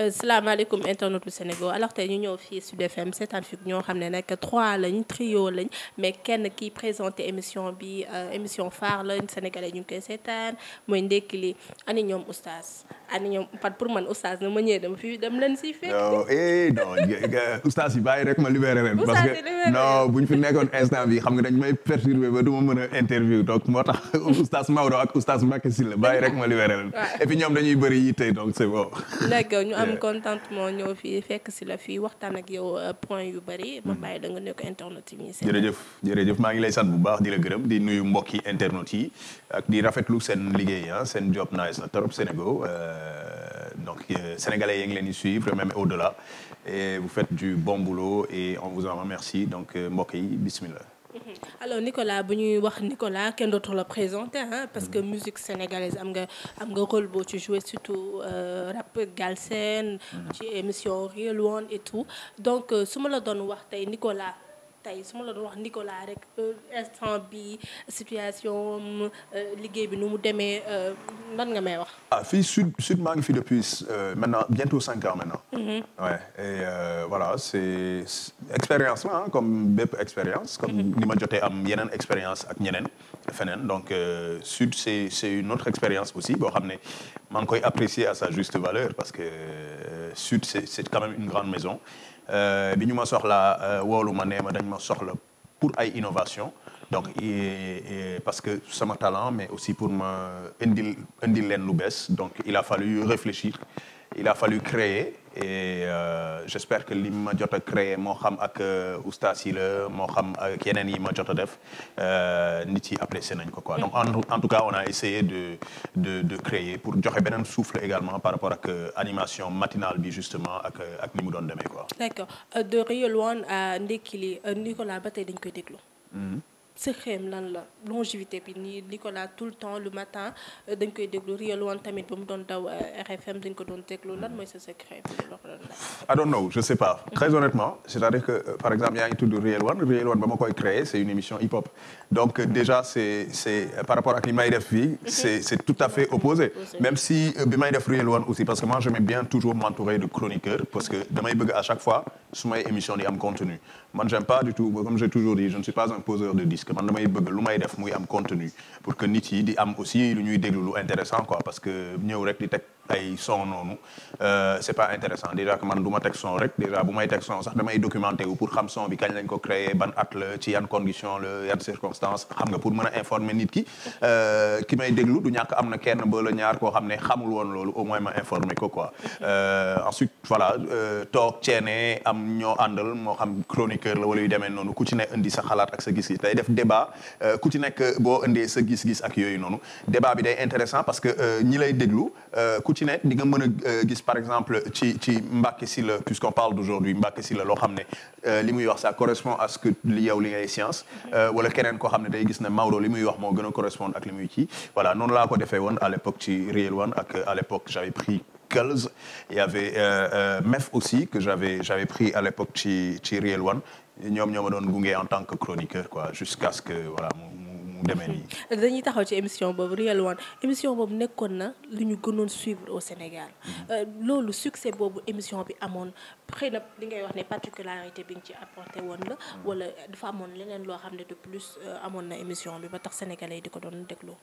Euh, salaamaaleykum internet lu Sénégal alors tey ñu ñëw fii Sud FM seetaan fi ñoo xam ne nag trois lañ trio lañ mais kenn ki présenté émission bi euh, émission phare lañ sénégalais ñu ngi koy seetaan mooy ndekki li ani ñoom oustaz ani ñoom par pour man oustaz na ma ñëwee dama fi dem leen si fekk. non eh non oustaz yi bàyyi rek ma libéré leen. parce que non bu ñu fi nekkoon instant bi xam nga dañ may perturbé ba du ma mën a interview donc moo tax oustaz Maodo ak oustaz Mbacké Sylla bàyyi rek ma libéré leen. et puis ñoom dañuy bëri yitte donc c'est bon. am contentement ñëw fii fekk si la fii waxtaan ak yow euh, point yu bari. ma hmm. bàyyi da nga nekk internet yi muy. jërëjëf jërëjëf maa ngi lay sant bu baax di la gërëm di nuyu mbokki internet yi ak di rafetlu seen liggéey ah, seen job nice na trop Sénégal euh, donc euh, sénégalais yi ngi leen di suivre même au la e bu faites du bon et on vous en remercie donc mbokk yi bismillah. Mm-hmm. alors Nicolas bu ñuy wax Nicolas kenn dootu la présenté parce que mm-hmm. musique sénégalaise am nga am nga rôle boo ci joué surtout euh, rap Galsen. Mm-hmm. ci émission Real One et tout donc euh, su ma la doon wax tey Nicolas. tey su ma la doon wax Nicolas rek euh, instant bi situation euh, liggéey bi nu mu demee lan euh, nga may wax. ah fii sud sud maa ngi fi depuis euh, maintenant bientôt cinq ans maintenant. Mm -hmm. ouais et euh, voilà c'est expérience la comme bépp expérience. comme mm-hmm. ni ma jotee am yeneen expérience ak ñeneen feneen donc euh, sud c'est c'est une autre expérience aussi boo xam ne maa ngi koy apprécier à sa juste valeur parce que sud c'est c'est quand même une grande maison. Euh, bi ñu ma soxla euh, woolu ma nee ma dañ ma soxla pour ay innovation donc et, et parce que sama talent mais aussi pour ma indi indil leen lu bees donc il a fallu réfléchir il a fallu créer et euh, j'espère que li ma jot a moo xam ak euh, oustaz yi moo xam ak yeneen yi ma jot a def euh, nit yi apprécié nañ ko quoi donc en tout cas on a essayé de de de créer pour joxe beneen souffle également par rapport ak animation matinale bi justement ak ak ni mu doon demee ko d'accord de Rio Luan à Ndekili Nicolas ba tey dañ koy déglu. Mm-hmm. secret lan la longévité nii Nicolas tout le temps le matin euh, dañ koy déglu Riel One tamit ba mu doon daw euh, RFM dañ ko doon déglu lan mooy sa secret. I don't know je sais pas. Mhm. très honnêtement c'est-à-dire que euh, par exemple yaa ngi tudd Riel One Riel One ba ma créer c'est une émission hip-hop donc déjà c'est par rapport ak li may def fii. Mhm. c'est tout à fait opposé. même si bi may def Riel aussi parce que moi j'aime de à chaque fois su may émission di am contenu. man j'aime pas du tout comme j'ai toujours dit je ne suis pas un poseur de disque man damay bëgg lu may def muy am contenu pour que nit yi di am aussi lu ñuy déglu lu intéressant quoi parce que ñëw rek di teg ay son noonu euh, c'est pas intéressant déjà que man du ma teg rek déjà bu may teg son sax damay documenté wu pour xam son bi kañ lañ ko créé ban at la ci yan condition la yan circonstance xam nga pour mën a informer nit ki euh, ki may déglu du ñàkk am na kenn ba la ñaar koo xam ne xamul woon loolu au moins ma informer ko quoi euh, ensuite voilà toog ceene am ñoo àndal moo xam chroniqueur la wala yu demee noonu ku ci ne indi sa xalaat ak sa gis-gis day def débat ci nekk boo indee sa gis-gis ak yooyu noonu débat bi day ku ci ne di nga mën a euh, gis par exemple ci ci Mbacké Sylla puisqu'on parle d'aujourd'hui Mbacké la loo xam ne euh, li muy wax ça correspond à ce que li yow li ngay science euh, wala keneen koo xam ne day gis ne Maodo li muy wax moo gën a correspondre ak li muy ci voilà noonu laa ko defe woon à l'époque ci Réel One ak à l'époque j'avais pris Girls il y avait Mef aussi que j'avais j'avais pris à l'époque ci ci Réel One ñoom ñoo ma doon gunge en tant que chroniqueur quoi jusqu'à ce que voilà demee nii. dañuy taxaw ci émission boobu Real One émission boobu nekkoon na lu ñu gënoon suivre au Sénégal mm-hmm. euh, loolu succès boobu émission bi amoon xëy na li ngay wax ne particularité bi nga ci apporté woon la mm-hmm. wala dafa amoon leneen loo xam ne de plus euh, amoon na émission bi ba tax sénégalais di ko doon déglu.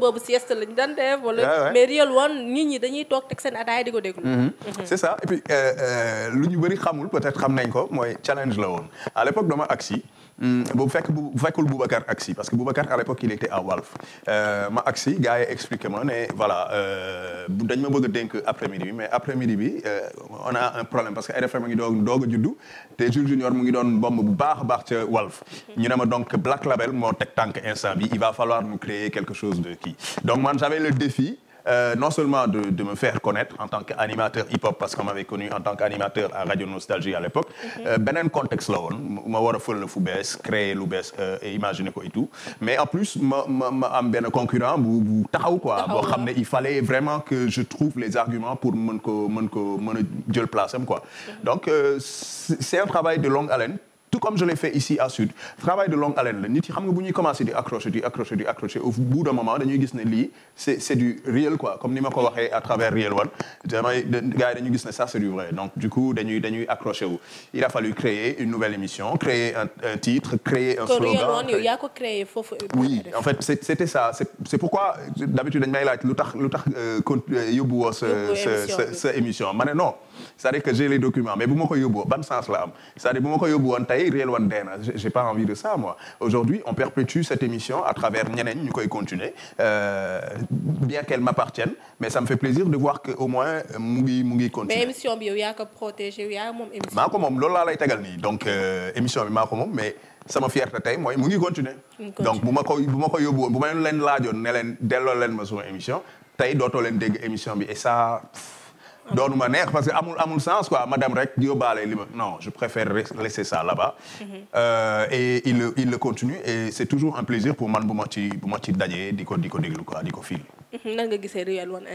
boobu sieste lañ daan def wala mais Real One nit ñi dañuy toog teg seen ataay di ko déglu. Mm-hmm. c'est ça et puis euh, lu ñu bëri xamul peut-être xam nañ ko mooy challenge la woon à l'époque dama agsi Hmm, bu fekk bu fekkul Boubacar Aksi parce que Boubacar à l'époque il a Walf euh, ma Aksi gars yi ne voilà euh, dañ ma bëgg denk dénk après-midi bi mais après-midi bi euh, on a un problème parce que RFM mu ngi doog doog a juddu te Jules Junior mu ngi doon bomb bu baax a baax ca Walf ñu ne ma donc Black Label moo teg tànk instant bi il va falloir nous créer quelque chose de kii donc man j'avais le défi euh, non seulement de, de me faire connaître en tant qu'animateur hip-hop parce qu'on m'avait connu en tant qu'animateur à Radio Nostalgie à l'époque mhm. euh, beneen contexte la woon ma war a fël la fu bees créer lu bees euh, et imaginer ko et tout mais en plus ma ma ma am benn concurrent bu bu taxaw quoi boo xam ne il fallait vraiment que je trouve les arguments pour mën ko mën ko mën a jël place am quoi mhm. donc euh, c'est un travail de longue haleine tout comme je l'ai fait ici à Sud travail de longue haleine nit yi nga bu ñuy commencé di accrocher di accrocher di accrocher au d'un moment dañuy gis ne lii c'est du réel quoi comme ni ma ko à travers réel wan damay gars yi dañuy ça c'est du vrai du coup dañuy dañuy accrocher wu il a fallu créer une nouvelle émission créer un, un titre créer un slogan créer... Créer, faut... Euh, oui en fait c'est, c'était ça pourquoi d'habitude dañ may laaj lu tax lu tax euh, euh, yóbbu woo sa sa sa émission ma ne non c'est-à-dire que j'ai les documents mais bu ma ko yóbbu ban sens la am cest bu ma ko yóbbu woon tey réel woon j'ai pas envie de ça moi aujourd'hui on perpétue cette émission à travers ñeneen ñu koy continuer euh, bien qu'elle m'appartienne mais ça me fait plaisir de voir que au moins mu ngi mu ngi continuer. mais émission bi yow yaa ko protégé yaa moom émission maa lay tegal nii donc euh, émission bi maa ko moom mais. sama fierté tey mooy mu ngi continuer donc bu ma ko bu ma ko yóbbu bu ma leen laajoon ne leen delloo leen ma suma émission tey dootoo leen dégg émission bi et doonu ma neex parce que amul sens quoi madame rek yóbbaale ma non je préfère laisser ça là-bas. Euh, et il le continue et c'est toujours un plaisir pour man bu ma ci bu ma ci dajee di ko di ko déglu fil. nan nga gisee Real One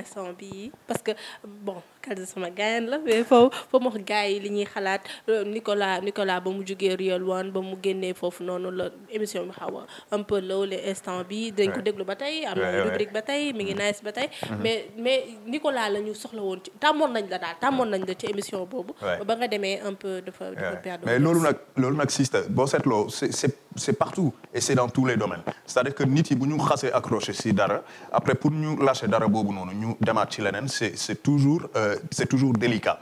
parce que bon. Kadi sama gaayan la mais foofu foofu wax li ñuy xalaat Nicolas Nicolas ba mu jugee Real One ba mu génnee foofu noonu la émission bi xaw a un peu lawle instant bi dañ ko déglu ba tey am na rubrique ba tey mi ngi mm-hmm. nice ba tey mm-hmm. mais mais Nicolas la ñu soxla woon ci tàmmoon nañ la daal tàmmoon nañ la ci émission boobu ba nga demee un peu dafa dafa perdre mais loolu nag loolu nag siste boo seetloo c'est c'est c'est partout et c'est dans tous les domaines c'est-à-dire que si dara euh, c'est toujours délicat.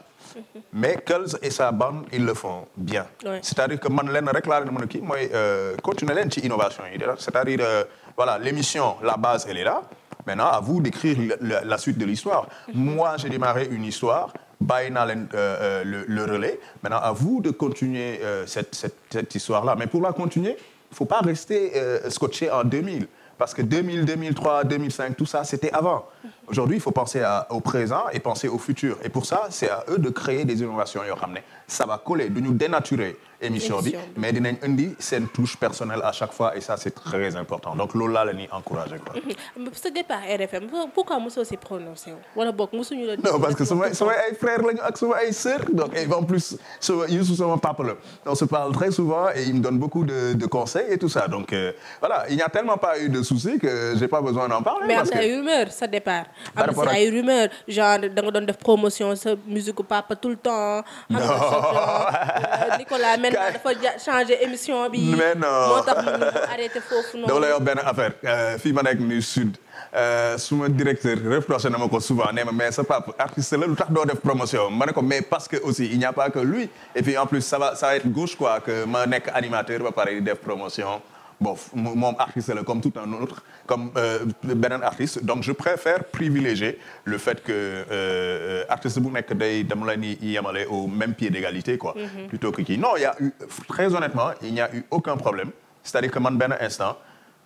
mais Kels et sa bande ils le font bien. Ouais. c'est-à-dire que man leen rek laa leen mën a kii mooy euh, continuer leen ci innovation yi c'est-à-dire euh, voilà l'émission la base elle est là maintenant à vous d'écrire la, la suite de l'histoire moi j'ai démarré une histoire bàyyi naa leen euh, le le relais maintenant à vous de continuer euh, cette cette cette histoire là mais pour la continuer il faut pas rester euh, scotché en 2000. Parce que 2000, 2003, 2005, tout ça, c'était avant. Aujourd'hui, il faut penser à, au présent et penser au futur. Et pour ça, c'est à eux de créer des innovations. Ça va coller, de nous dénaturer. émission bi a dinañ indi chaque fois et ça très important donc loolu laa la ñuy encourager quoi. départ RFM pourquoi mosoo si prononcé wu wala boog papa la on parle très souvent et il me donne beaucoup de de et tout ça donc euh, voilà il n'y a tellement pas eu de soucis que j'ai pas besoin d'en parler. mais am na ay départ. am na ay promotion sa musique papa tout le temps. non euh, Nicolas maintenant dafa changer émission bi. mais non moo tax foofu noonu. dama lay wax benn affaire euh, fii ma nekk nii sud euh, suma directeur reproché na ma ko souvent nee ma mais sa papa artiste la lu tax doo de promotion ma ne ko mais parce que aussi il n'y a pas que lui et puis en plus ça va être gauche que ma nekk animateur ba pare di def promotion. bon moom artiste la comme tout un autre comme euh, beneen artiste donc je préfère privilégier le fait que euh, artiste bu nekk day dama la ni yemale au même pied d'égalité quoi mm-hmm. plutôt que kii non il y a eu très honnêtement il n'y a eu aucun problème cest que man benn instant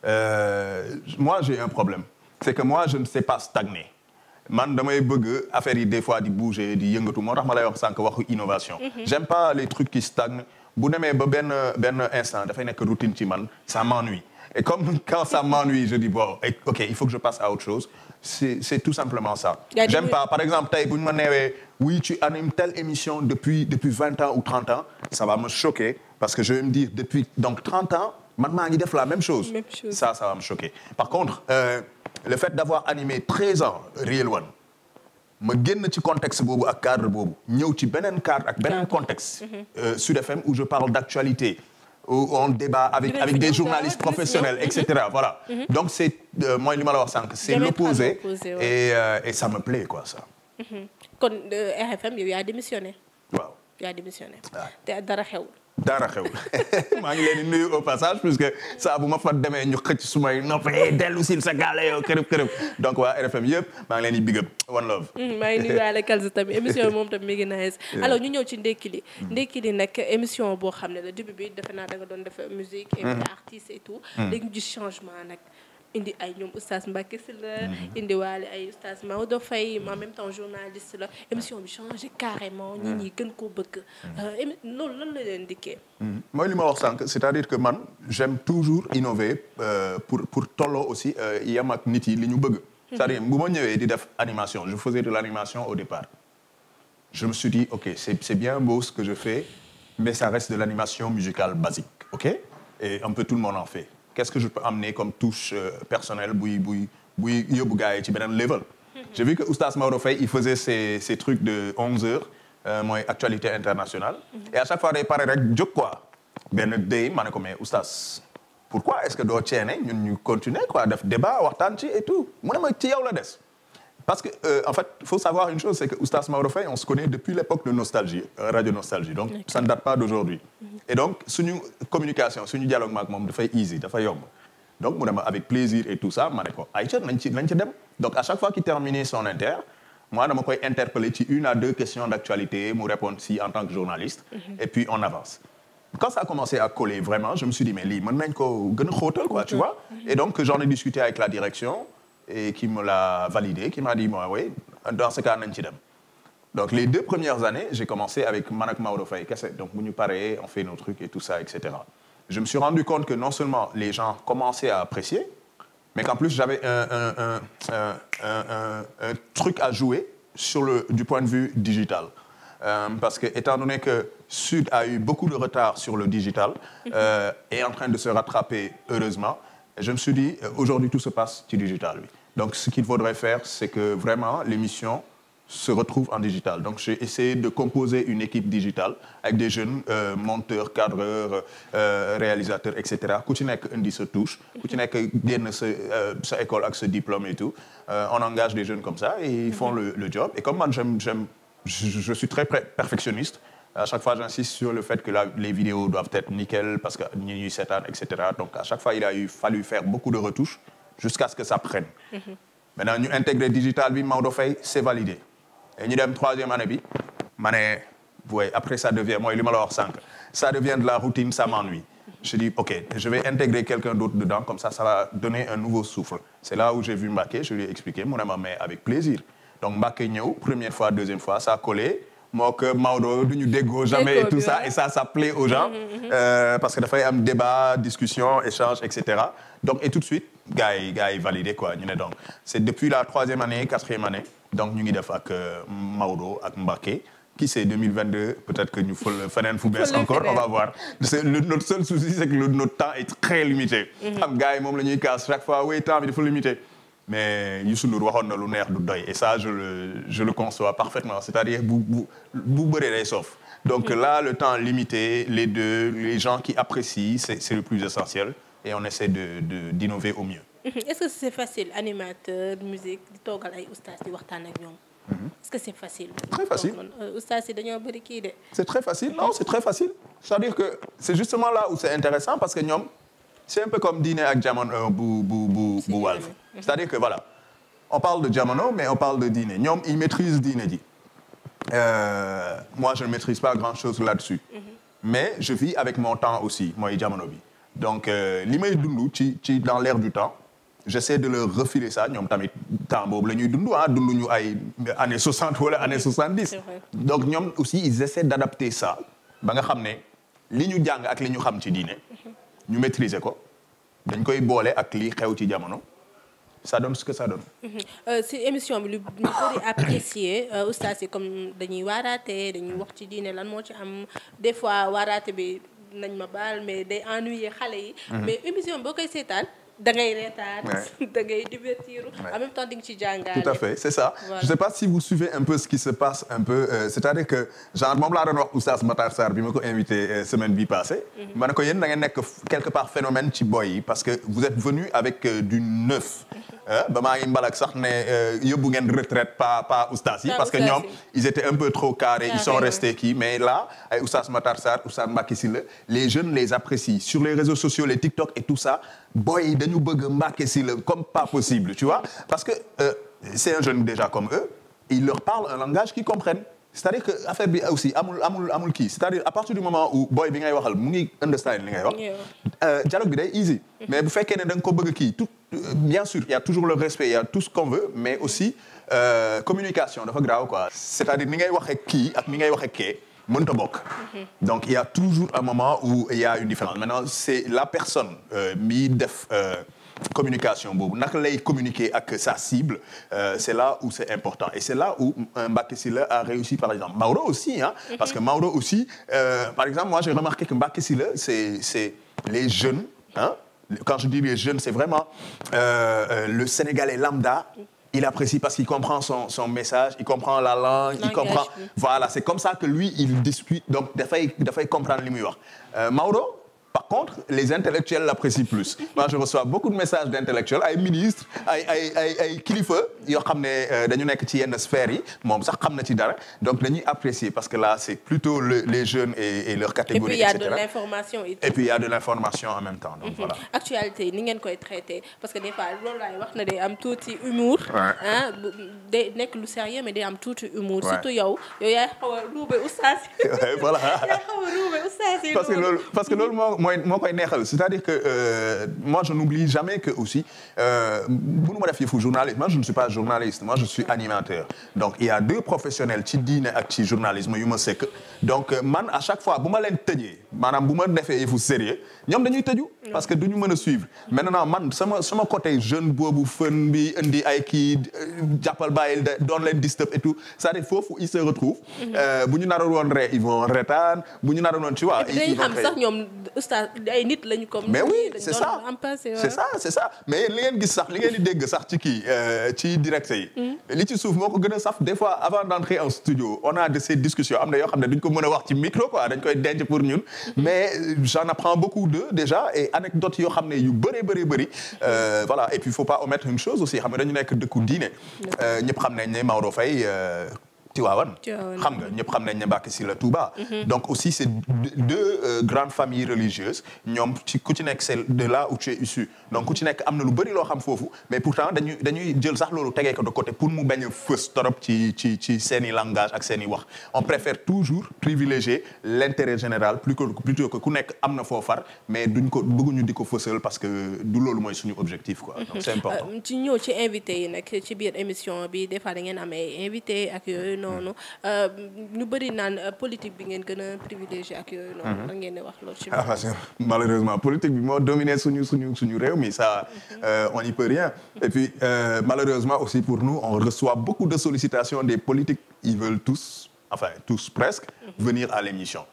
euh, moi j'ai un problème c'est que moi je ne sais pas stagner man damay bëgg affaire yi des fois di bouger di yëngatu moo tax ma lay wax sànq waxu innovation mm-hmm. j'aime pas les trucs qui stagnent bu demee ba benn benn instant dafay nekk routine ci man ça m'ennuie comme quand ça m'ennuie je dis bon ok il faut que je passe à autre chose c'est tout simplement ça j'aime pas par exemple tey bu ñu ma neewee oui tu animes telle émission depuis depuis vingt ans ou trente ans ça va me choquer parce que je vais me dire depuis ans man maa def la même chose. même chose ça va me choquer par contre euh, le fait d'avoir animé treize ans Real One ma génn ci contexte boobu ak cadre boobu ñëw ci beneen cadre ak beneen contexte mhm. euh, Sud FM où je parle d'actualité où on débat avec avec des journalistes professionnels et cetera voilà mhm. donc c'est euh, mooy li ma la wax sànq c'est l'opposé et euh, et ça me plaît quoi ça mhm. kon RFM yow yaa démissionné waaw te dara xewul daara xew maa ngi leen di nuyu au passage puisque saa ma fa demee ñu xëcc sumay nopp eh, dellu si sa gaale eh, yow kërëb kërëb donc waa RFM yëpp maa ngi leen di big up one love. Mm, maa ngi nuyuwaale Kalsi tamit émission bi moom tam mi ngi ñu ñëw ci ndekki li mm. ndekki li nag émission boo xam ne la début bi defe naa danga doon def musique invité mm-hmm. artiste et tout léegi mm. ñu gis changement nag indi ay ñoom oustaz Mbacké si la mhm. indi waale ay oustaz Maodo Faye en même temps journaliste la émission bi changé carrément ñi ñi gën koo bëgg euh, loolu lan la leen dikkee mhm. mooy li ma wax sànq c'est-à-dire que man j'aime toujours innover euh, pour pour tolloo aussi euh, yam ak nit yi li ñu bëgg mhm. c'est-à-dire bu ma ñëwee di def animation je faisais de l'animation au départ je me suis dit ok c'est c'est bien beau ce que je fais mais ça reste de l'animation musicale basique ok et un peu tout le monde en fait qu'est-ce que je peux amener comme touche euh, personnelle buy buy buy yóbbu gars yi ci beneen level. Mhm. j'ai vu que Oustaz Maodo Faye il faisait ses ses trucs de 11 heures euh, mooy actualité internationale. Mhm. et à chaque fois day pare rek jóg quoi. benn day ma ne ko mais Oustaz pourquoi est-ce que doo ceene ñun ñu continuer quoi def débat waxtaan ci et tout mu ne ma ci yow la des. Parce que, euh, en fait, il faut savoir une chose, c'est que Oustas Maurofei, on se connaît depuis l'époque de Nostalgie, euh, Donc, okay. ne date pas d'aujourd'hui. Et donc, sur une communication, sur une dialogue, on fait easy, on fait Donc, avec plaisir et tout ça, Donc, à chaque fois qu'il terminait son inter, moi, je me interpellé une à deux questions d'actualité, me répondre si en tant que journaliste, mhm. et puis on avance. Quand ça a commencé à coller vraiment, et qui me l'a validé, qui m'a dit, bon, oui, dans ce cas, on dem. Donc, les deux premières années, j'ai commencé avec Manak Mauro Faye Cassette. Donc, nous pareil, on fait nos trucs et tout ça, etc. Je me suis rendu compte que non seulement les gens commençaient à apprécier, mais qu'en plus, j'avais un, un, un, un, truc à jouer sur le, du point de vue digital. Euh, parce que, étant donné que Sud a eu beaucoup de retard sur le digital, euh, est en train de se rattraper, heureusement, Et je me suis dit, euh, aujourd'hui, tout se passe sur digital. Oui. Donc, ce qu'il faudrait faire, c'est que vraiment l'émission se retrouve en digital. Donc, j'ai essayé de composer une équipe digitale avec des jeunes euh, monteurs, cadreurs, euh, réalisateurs, etc. Ku ci nekk indi sa touche. Ku ci nekk génn sa euh, sa école ak sa diplôme et tout. Euh, on engage des jeunes comme ça et ils font le, le job. Et comme man, j'aime, j'aime, je, je suis très perfectionniste. À chaque fois, j'insiste sur le fait que la, les vidéos doivent être nickel parce que Nini Setan, etc. Donc, à chaque fois, il a eu, fallu faire beaucoup de retouches jusqu'à ce que ça prenne. Mm -hmm. Maintenant, nous intégrer digital, c'est nous avons troisième année, après ça devient, moi, il m'a 5. Ça de la routine, ça m'ennuie. Mhm. Je dis, OK, je vais intégrer comme ça, va donner un nouveau souffle. C'est là où j'ai vu Mbaké, je lui ai expliqué, mon ami, mais avec plaisir. Donc, Mbaké, première fois, deuxième fois, a collé. moo que Maodo du ñu déggoo jamais et tout ça et ça ça plaît aux gens mhm, mhm. Euh, parce que dafay am débat discussion échange et cetera donc et tout de suite gars yi gars yi validé quoi ñu ne donc c'est depuis la troisième année quatrième année donc ñu ngi def ak euh, Maodo ak Mbacké qui sait 2022 peut-être que ñu fël feneen fu bees encore on va voir c'est le notre seul souci c'est que notre temps est très limité mhm. xam gars yi moom la ñuy casse chaque fois oui temps bi dafa limité mais Youssou Ndour waxoon na lu neex du doy et ça je le je le conçois parfaitement c'est-à-dire bu bu bu bëree day soof donc hmm. là le temps limité les deux les gens qui apprécient c'est c'est le plus essentiel et on essaie de de d'innover au mieux. Hmm. est-ce que c'est facile animateur musique di toogal ay ustaas di waxtaan ak ñoom. Hmm. est-ce que c'est facile. très facile euh, ustaas yi dañoo bëri kii de. c'est très facile non c'est très facile c'est-à-dire que c'est justement là où c'est intéressant parce que ñoom. c'est un peu comme Diné ak Jamono euh, bu bu bu bu Walf c'est-à-dire que voilà on parle de Jamono mais on parle de Diné ñoom ils maîtrisent Diné ji euh, moi je ne maîtrise pas grand-chose là-dessus mhm. mais je vis avec mon temps aussi mooy Jamono bi donc euh, li may dund ci ci dans l'air du temps j'essaie de leur refiler ça ñoom tamit temps boobu la ñuy dund ah dunduñu ay année 60 wala année 70 donc ñoom aussi ils essaient d'adapter ça ba nga xam ne li ñu jàng ak li ñu xam ci diine mhm. ñu maîtriser ko dañ koy boole ak lii xew ci jamono ça donne mhm. euh, si émission bi lu ñu bëri apprécier euh, ustaas comme dañuy waaraate dañuy wax ci diine lan moo ci am des fois waaraate bi nañ ma baal mais de ennuyer xale yi. Mhm. mais émission boo koy seetaan. da ngay reetaan ci tout à fait c'est ça voilà. je sais pas si vous suivez un peu ce qui se passe un peu euh, c'est-à-dire que genre moom laa doon wax oustaz Matar Sarr bi ma ko invité euh, semaine bi passée mhm. ma ne ko yéen da ngeen nekk quelque part phénomène ci yi parce que vous êtes venu avec euh, du neuf ba maa ngi mbalak sax ne yóbbu ngeen retraite pas pas oustaz yi parce que ñoom ils étaient un peu trop carrés ils sont restés kii mais là ay oustaz Matar Sarr oustaz Mbacké Sylla les jeunes les apprécient sur les réseaux boy dañu bëgg Mbacké Sylla comme pas possible tu vois parce que euh, c'est un jeune déjà comme eux il leur parle un langage qu'ils comprennent c'est-à-dire que affaire bi aussi amul amul amul kii c'est-à-dire à moment boy bi ngay waxal mu ngi understand li ngay wax euh, dialogue bi day easy mm-hmm. mais bu fekkee ne da nga ko bëgg kii tout euh, bien sûr il y toujours le respect il y tout ce qu'on veut mais aussi euh, communication dafa grave quoi c'est-à-dire ni ngay wax ak kii ak ni ngay wax ak mënta bokk. donc il y a toujours un moment où il y a une différence maintenant c'est la personne euh, mi def. Euh, communication boobu naka lay communiquer ak sa cible euh, c'est là où c'est important et c'est là où euh, Mbacké Sylla a réussi par exemple Maodo aussi hein mm -hmm. parce que Maodo aussi euh, par exemple moi j'ai remarqué que Mbacké Sylla c'est c'est les jeunes hein quand je dis les jeunes c'est vraiment euh, le Sénégalais lambda il apprécie parce qu'il comprend son, son, message, il comprend la langue, Langage, il comprend. Oui. Voilà, c'est comme ça que lui, il discute. Donc, des fois, il comprend les murs. Euh, Mauro, Par contre, les intellectuels l'apprécient plus. je reçois beaucoup de messages d'intellectuels ay ministres ay ay ay ay yoo xam ne euh, dañu nekk ci yenn sphères yi moom sax xam na ci dara donc dañuy apprécier parce que là c'est plutôt les jeunes et, et leur catégorie et puis il y a de l'information en même temps donc mhm. voilà. actualité ni ngeen koy traité parce que des fois loolu laay wax na day am tuuti humour. nekk lu sérieux mais day am tuuti humour. surtout a ruube voilà parce que loolu parce que mooy moo koy neexal euh, c'est-à-dire que euh, moi je n'oublie jamais que aussi bu euh, nu ma def yëfu journaliste moi je ne suis pas journaliste moi je animateur donc il a deux professionnels ci diine ak ci journalisme yu ma sekk donc euh, man à chaque fois bu ma leen tëjee maanaam bu ma defee yëfu sérieux ñoom dañuy tëju parce que du ñu mën a suivre maintenant man sama sama côté jeune boobu fën bi indi ay kii jàppal bàyyil doon leen disturb et tout c'est-à-dire foofu ils se retrouvent mhm. bu ñu naroon woon ree ils vont bu ñu naroon woon tu ça nit lañu comme. mais oui c' est ça c' ça mais li ngeen gis sax li ngeen dégg sax ci kii euh, ci direct yi. Hmm. li ci suuf moo ko gën a saf des fois avant d' entrer en studio on a de ces discussions am na yoo xam ne duñ ko mën a wax ci micro quoi dañ koy denc pour ñun. Hmm. mais euh, j' en apprends beaucoup d'eux déjà et anecdote yoo xam ne yu bëree bëri bëri. Euh, hmm. voilà et puis il faut pas omettre une chose aussi xam nga dañu nekk dëkku diine. ñëpp xam nañ ne Maodo Faye. Tivaouane xam nga ñëpp xam nañ ne Mbacké Sylla Touba mhm. donc aussi c'est deux euh, grandes familles religieuses ñoom ku ci nekk c'est de là où tu issu donc ku ci nekk am na lu bari loo xam foofu mais pourtant dañuy dañuy jël sax loolu tegee ko de côté pour mu bañ a fës torop ci ci ci seen langage ak seen i wax on préfère toujours privilégier l'intérêt général plus que plutôt que ku nekk am na foo far mais duñ ko bëgguñu di ko fësal parce que du loolu mooy suñu objectif quoi mhm. donc c'est euh, ci ñëw ci noonu euh, ñu bëri naan euh, politique bi ngeen gën a privilégié ak yooyu noonu mhm. la ngeen di wax loolu ci ah, malheureusement politique bi moo dominé suñu suñu suñu réew mi sa mhm. euh, on n'y peut rien et malheureusement aussi pour nous on reçoit beaucoup de sollicitations des politiques ils veulent tous enfin tous presque mhm. venir à l'émission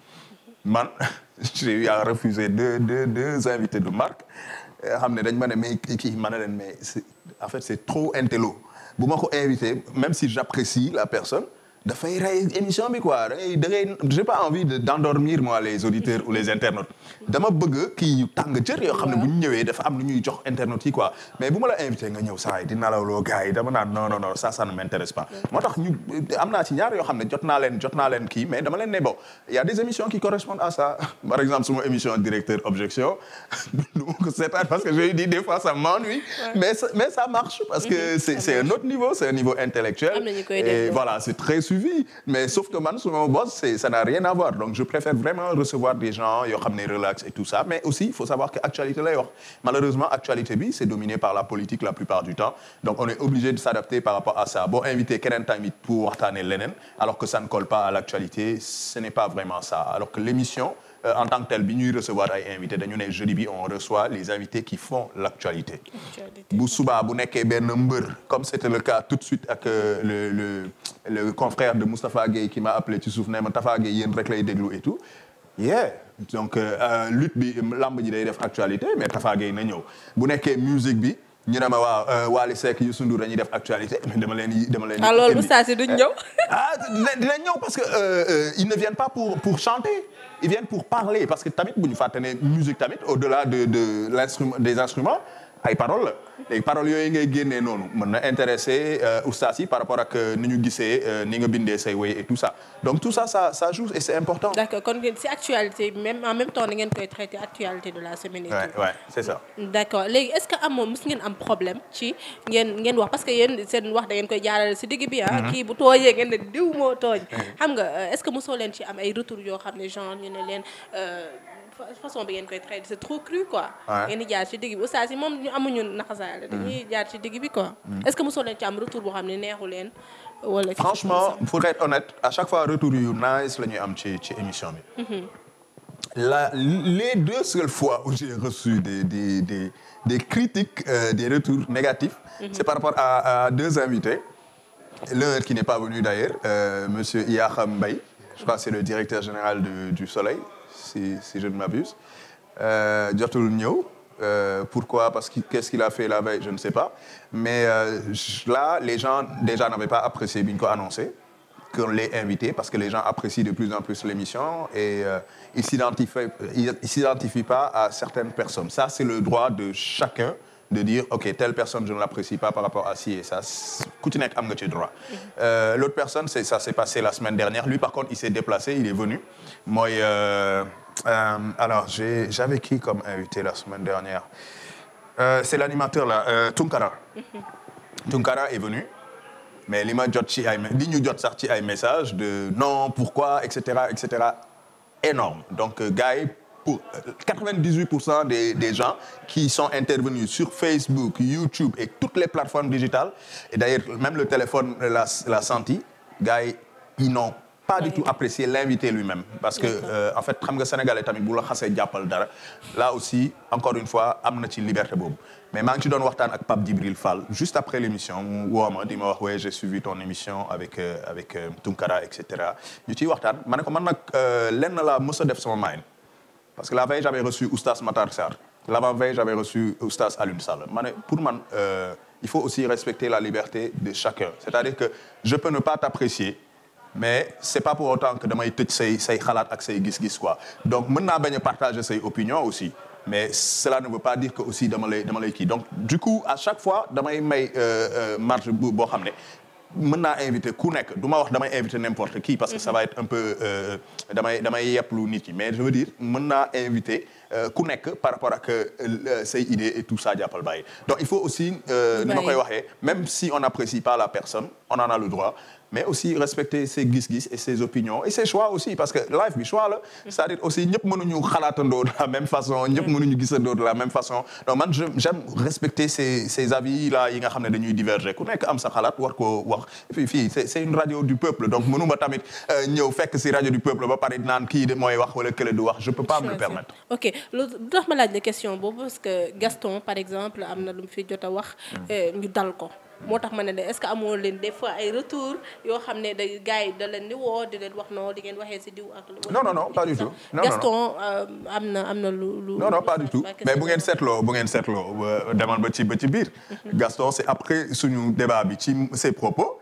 man j'ai eu à refuser deux deux deux invités de marque xam ne dañ ma mais kii ma ne leen mais en fait c'est trop intello bu ma ko invité même si j'apprécie la personne dafay rey émission bi quoi dangay dangay j'ai pas envie de d'endormir moi les auditeurs ou les internautes dama bëgg kii yu jër yoo xam ne bu ñu ñëwee dafa am lu ñuy jox internautes yi quoi mais bu ma la nga ñëw saa yi di nalawloo gars dama naan non non non ça ne m'intéresse pas moo tax ñu am naa ci ñaar yoo xam ne jot naa leen jot naa leen kii mais dama leen ne bon y a des émissions qui correspondent à ça par exemple suma émission directeur objection du ma parce que je suivi mais sauf que man suma boss c'est ça n'a rien à voir donc je préfère vraiment recevoir des gens yoo xam ne relax et tout ça mais aussi il faut savoir que actualité lay wax malheureusement actualité bi c'est dominé par la politique la plupart du temps donc on est obligé de s'adapter par rapport à ça boo invité keneen tamit pour waxtaane leneen alors que ça ne colle pas à l'actualité ce n'est pas vraiment ça alors que l'émission Euh, en tant que tel bi ñuy recevoir ay invités dañu ne jeudi bi on reçoit les invités qui font l'actualité bu subaa bu nekkee benn mbër comme c'était le cas tout de suite ak euh, le le confrère de Moustapha Gueye qui m'a appelé ci suuf ne ma Tafa Gueye yéen rek lay déglu et tout yeah donc euh, lutte bi lamb ji day def actualité mais Tafa Gueye na ñëw bu nekkee musique bi ñu ne ma waaw euh, Wally Seck Youssou Ndour dañuy def actualité dama leen dama leen. ah loolu Oustaz si duñ ñëw. ah dinañ ñëw parce que euh, euh, ils ne viennent pas pour pour chanter ils viennent pour parler parce que tamit bu ñu fàtte ne musique tamit au-delà de de l'instrument des instruments. ay parole la léegi paroles yooyu ngay génnee noonu mën na intéresser euh, oustaz yi par rapport ak euh, ni ñu gisee euh, ni nga bindee say woy et tout ça donc tout ça ça ça joue et si actualité même en même temps da ngeen koy traiter actualité de la semaine. et tout ouais c'est ça. d'accord léegi est-ce que amoo mos ngeen am problème ci ngeen ngeen wax parce que yéen seen wax da ngeen koy jaarale si digg bi ah. Mhm. kii bu tooyee ngeen ne diw moo tooñ. xam nga est-ce que mosoo leen ci am ay retours yoo xam ne genre ñu ne leen. façon bi ngeen koy traité c'est trop cru quoi. ngeen di jaar ci digg bi oustaz yi moom ñu amuñu naxasaale. dañuy mm. jaar ci digg bi quoi. Mm. est-ce que mosoo leen ci am retour boo xam ne neexu leen. wala franchement pour être honnête à chaque fois retour yu nice la ñuy am ci ci émission bi. Mm-hmm. les deux seules fois où j'ai reçu des des des des critiques euh, des retours négatifs. Mm-hmm. c'est par rapport à, à deux invités. L'un qui n'est pas venu d'ailleurs euh, monsieur Iyakham Mbaye je crois c'est le directeur général de, du Soleil si si je ne m'abuse euh, jotul ñëw. Euh, pourquoi Parce que qu'est-ce qu'il a fait la veille Je ne sais pas. Mais euh, là, les gens déjà n'avaient pas apprécié Binko annoncé qu'on l'ait invité parce que les gens apprécient de plus en plus l'émission et euh, ils ne s'identifient pas à certaines personnes. Ça, c'est le droit de chacun de dire ok telle personne je ne l'apprécie pas par rapport à ci et ça nekk am nga ci droit euh, l'autre personne c'est ça s'est passé la semaine dernière lui par contre il s'est déplacé il mooy euh, euh, alors j'ai j'avais qui comme invité la semaine dernière euh, c'est l'animateur là euh, Tunkara Tunkara est venu mais li ma jot ci ay li ñu jot sax ci ay message de non pourquoi et cetera et cetera énorme donc euh, gars pour 98 euh, pour cent des des gens qui sont intervenus sur Facebook YouTube et toutes les plateformes digitales et d'ailleurs même le téléphone l'a l'a senti gars yi ils n'ont pas du tout apprécié l'invité lui-même parce que euh, en fait xam nga sénégalais tamit bu la xasee jàppal dara là aussi encore une fois am na ci liberté boobu mais maa ngi ci doon waxtaan ak Pape Djibril Fall juste après l'émission mu di ma wax ouais j'ai émission avec euh, avec euh, et cetera ñu ciy waxtaan ma ne ko man nag euh, lenn la mës a def sama main parce que la veille j'avais reçu Oustaz Matar Sarr l'avant-veille j'avais reçu Oustaz Alioune ma ne pour man euh, il faut aussi respecter la liberté de chacun c'est-à-dire que je peux ne pas t'apprécier mais c'est pas pour autant que damay tëj say say xalaat ak say gis-gis quoi donc mën naa bañ a partager say opinion aussi mais cela ne veut pas dire que aussi dama lay dama kii donc du à chaque fois damay may euh, euh, marge bu boo xam ne mën naa invité ku nekk du ma wax damay invité n'importe qui parce que ça va être un peu euh, damay damay yeplu nit ñi mais je veux dire mën naa invité euh, ku nekk par rapport ak euh, say idées et tout ça jàppal bàyyi donc il faut aussi ni ma koy waxee même si on n'apprécie pas la personne on en a le droit mais aussi respecter ses gis-gis et ses opinions et ses choix aussi parce que life bi choix la c'est-à-dire aussi ñëpp mënuñu xalaatandoo de la même façon ñëpp mm. mënuñu gisandoo de la même façon donc man j'aime respecter ces avis là yi nga xam ne dañuy diverger ku nekk am sa xalaat war ko wax fii fii c'est une radio du peuple donc mënuma tamit euh, ñëw fekk si radio du peuple ba pare naan kii de mooy wax wala kële du wax je peux pas me le permettre ok loolu tax ma la boobu parce que Gaston exemple na lu mu fi jot a wax mm. euh, ko moo tax ma ne de est-ce que amoo leen des ay retour yoo xam ne day gars yi da leen di woo di leen wax non di ngeen waxee si diw ak. non non non pas du tout. non Gaston euh, am na am na lu lu. non non pas du tout mais bu ngeen seetloo bu ngeen seetloo euh, demal ba ci ba ci biir. Mm-hmm. Gaston c'est après suñu débat bi ci ses propos.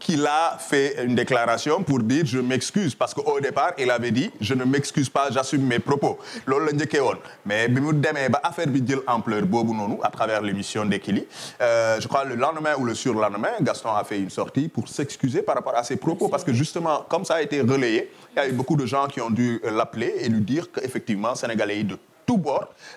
qu'il a fait une déclaration pour dire je m'excuse parce que au départ il avait dit je ne m'excuse pas j'assume mes propos loolu la njëkkee woon mais bi mu demee ba affaire bi jël ampleur boobu noonu à travers l'émission d'Ekili euh, je crois le lendemain ou le surlendemain Gaston a fait une sortie pour s'excuser par rapport à ses propos parce que justement comme ça a été relayé il y a beaucoup de gens qui ont dû euh, l'appeler et lui dire que effectivement de tous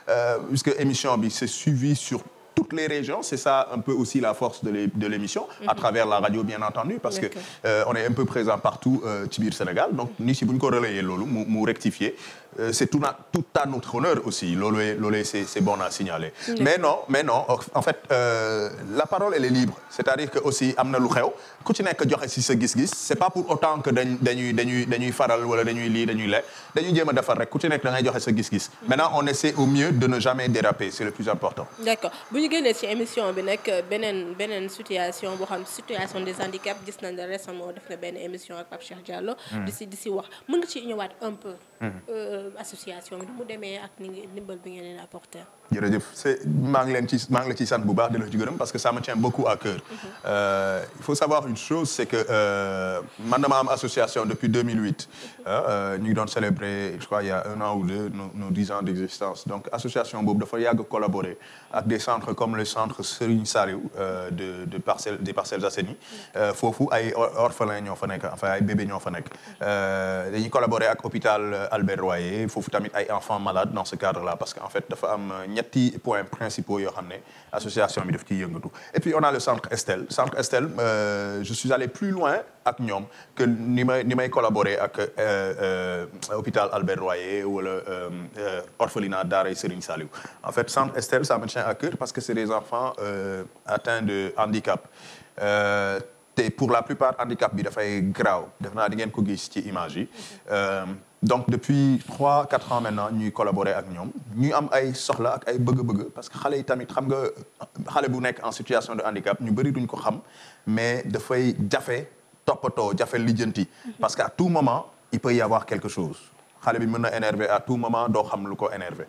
euh, émission bi s'est suivie sur toutes les régions. C'est ça un peu aussi la force de l'émission, mm -hmm. à travers la radio, bien entendu, parce que euh, on est un peu présent partout euh, ci biir Sénégal. donc ni si bu ñu ko relayer loolu mu mu rectifier Euh, c'est tout, tout à notre honneur aussi loolu loolu c'est bon à signaler mais non mais non en fait euh, la parole elle est libre c'est-à-dire que aussi am na lu xew ku ci nekk joxe si sa gis-gis c'est pas pour autant que dañ dañuy dañuy dañuy faral wala dañuy lii dañuy le dañuy jéem a defar rek ku ci nekk dangay joxe sa gis-gis mm. maintenant on essaie au mieux de ne jamais déraper c'est le plus important d'accord bu ñu génnee ci émission bi nag beneen beneen situation boo xam situation des handicaps gis nañ la récemment def na benn émission ak Pape Cheikh Diallo mm. si di si wax mën nga ci ñëwaat un association bi mu demee ak ni ndimbal bi ngeen leen apporter. jërëjëf maa ngi leen ci maa ngi la ciy sant bu baax di la ci gërëm parce que ça me tient beaucoup à cœur. Mm-hmm. Euh, il faut savoir une chose c'est que euh, man dama am association depuis 2008 euh, euh, ñu ngi doon célébrer je crois il y a un an ou deux nos dix ans d'existence donc association boobu dafa yàgg collaborer ak des centres comme le centre Serigne Saliou de de parcelle des Parcelles Assainies foofu ay orphelins ñoo fa nekk enfin ay bébés ñoo fa nekk dañuy collaborer ak hôpital Albert Royer foofu tamit ay enfants malades dans ce cadre là parce ñetti points principaux yoo xam ne association bi daf ciy yëngatu et puis on a le centre Estelle centre Estelle euh, je suis allé plus loin ak ñoom que ni may ni may collaborer ak euh, euh, hôpital Albert Royer wala euh, euh, orphelinat Daaray Serigne Saliou en fait centre Estelle ça me tient à parce que c'est des enfants atteints de handicap te pour la plupart handicap bi dafay grave def naa di ngeen ko gis ci image yi donc depuis trois quatre ans maintenant ñuy collaborer ak ñoom ñuy am ay soxla ak ay bëgg-bëgg parce que xale yi tamit xam nga xale bu nekk en situation de handicap ñu bëri duñ ko xam mais dafay jafe toppatoo jafe lijjanti. parce que à tout moment il peut y avoir quelque chose xale bi mën na énervé à tout moment doo xam lu ko énervé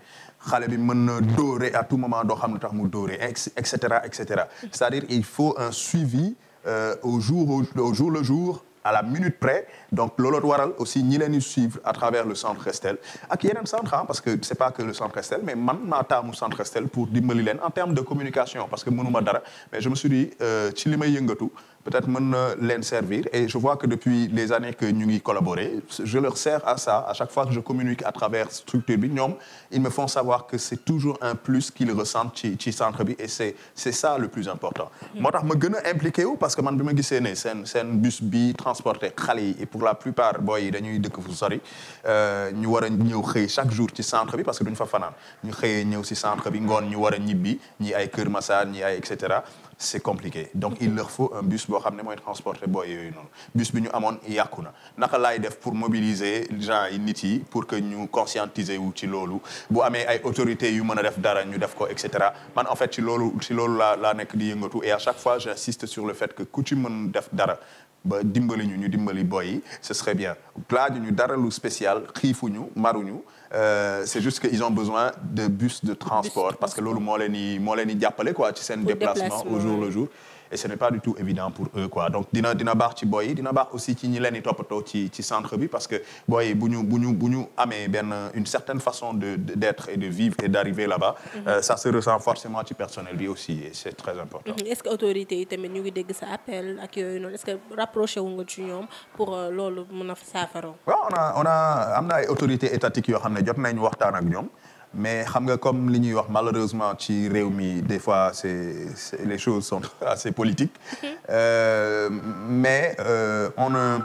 xale bi mën na dóore à tout moment doo xam lu tax mu dóore et cetera et cetera c'est-à-dire il faut un suivi euh, au jour au, au jour le jour à la minute près donc looloo waral aussi ñi leen di suivre à travers le centre Restel ak yeneen centre ah parce que c'est pas que le centre Restel mais man maa taamu centre Restel pour dimbali leen en termes de communication parce que mënuma dara mais je me suis dit euh, ci li yëngatu. peut-être mën na leen servir et je vois que depuis les années que ñu ngi collaborer je leur sers à ça à chaque fois que je communique à travers structure bi ñoom ils me font savoir que c'est toujours un plus qu'ils ressentent ci ci centre bi et c'est c'est ça le plus important moo tax ma gën a impliqué wu parce que man bi ma gisee ne seen bus bi transporté xale yi et pour la plupart booy yi dañuy dëkk fu sori euh, ñu war a ñëw xëy chaque jour ci centre bi parce que duñu fa fanaan ñu xëyee ñëw si centre bi ngoon ñu war a ñibbi ñi ay Kër Massar ñi ay cetera c'est compliqué donc il leur faut un bus boo xam ne mooy transporter booy yooyu noonu bus bi ñu amoon yàqu na naka laay def pour mobiliser gens yi nit yi pour que ñu conscientiser wu ci loolu bu amee ay autorités yu mën a def dara ñu def ko et cetera man en fait ci loolu ci loolu laa nekk di yëngatu et à chaque fois j'insiste sur le fait que ku ci mën def dara ba dimbali ñu ñu dimbali boy yi ce serait bien laaju ñu dara lu spécial xiifuñu maruñu Euh, c'est juste que ils ont besoin de bus de transport parce que loolu moo leen di moo leen di jàppale quoi ci seen déplacement au jour le jour et ce n'est pas du tout évident pour eux quoi donc dina dina baax ci boy yi dina baax aussi ci ñi leen ci centre bi parce que boy yi bu ñu bu amee benn une certaine façon de d'être et de vivre et d'arriver là-bas mhm. euh, se ressent forcément ci personnel bi aussi et c'est très important mhm. est-ce que autorité yi tamit ñu ngi dégg sa appel ak yooyu noonu est-ce que rapproché nga ci ñoom pour euh, loolu mën a saafara waaw on a on a am na ay autorités étatiques yoo xam ne jot nañu waxtaan ak ñoom mais xam nga comme li ñuy wax malheureusement ci réew mi des fois c'est, c'est les choses sont assez politiques mm-hmm. euh, mais euh, on a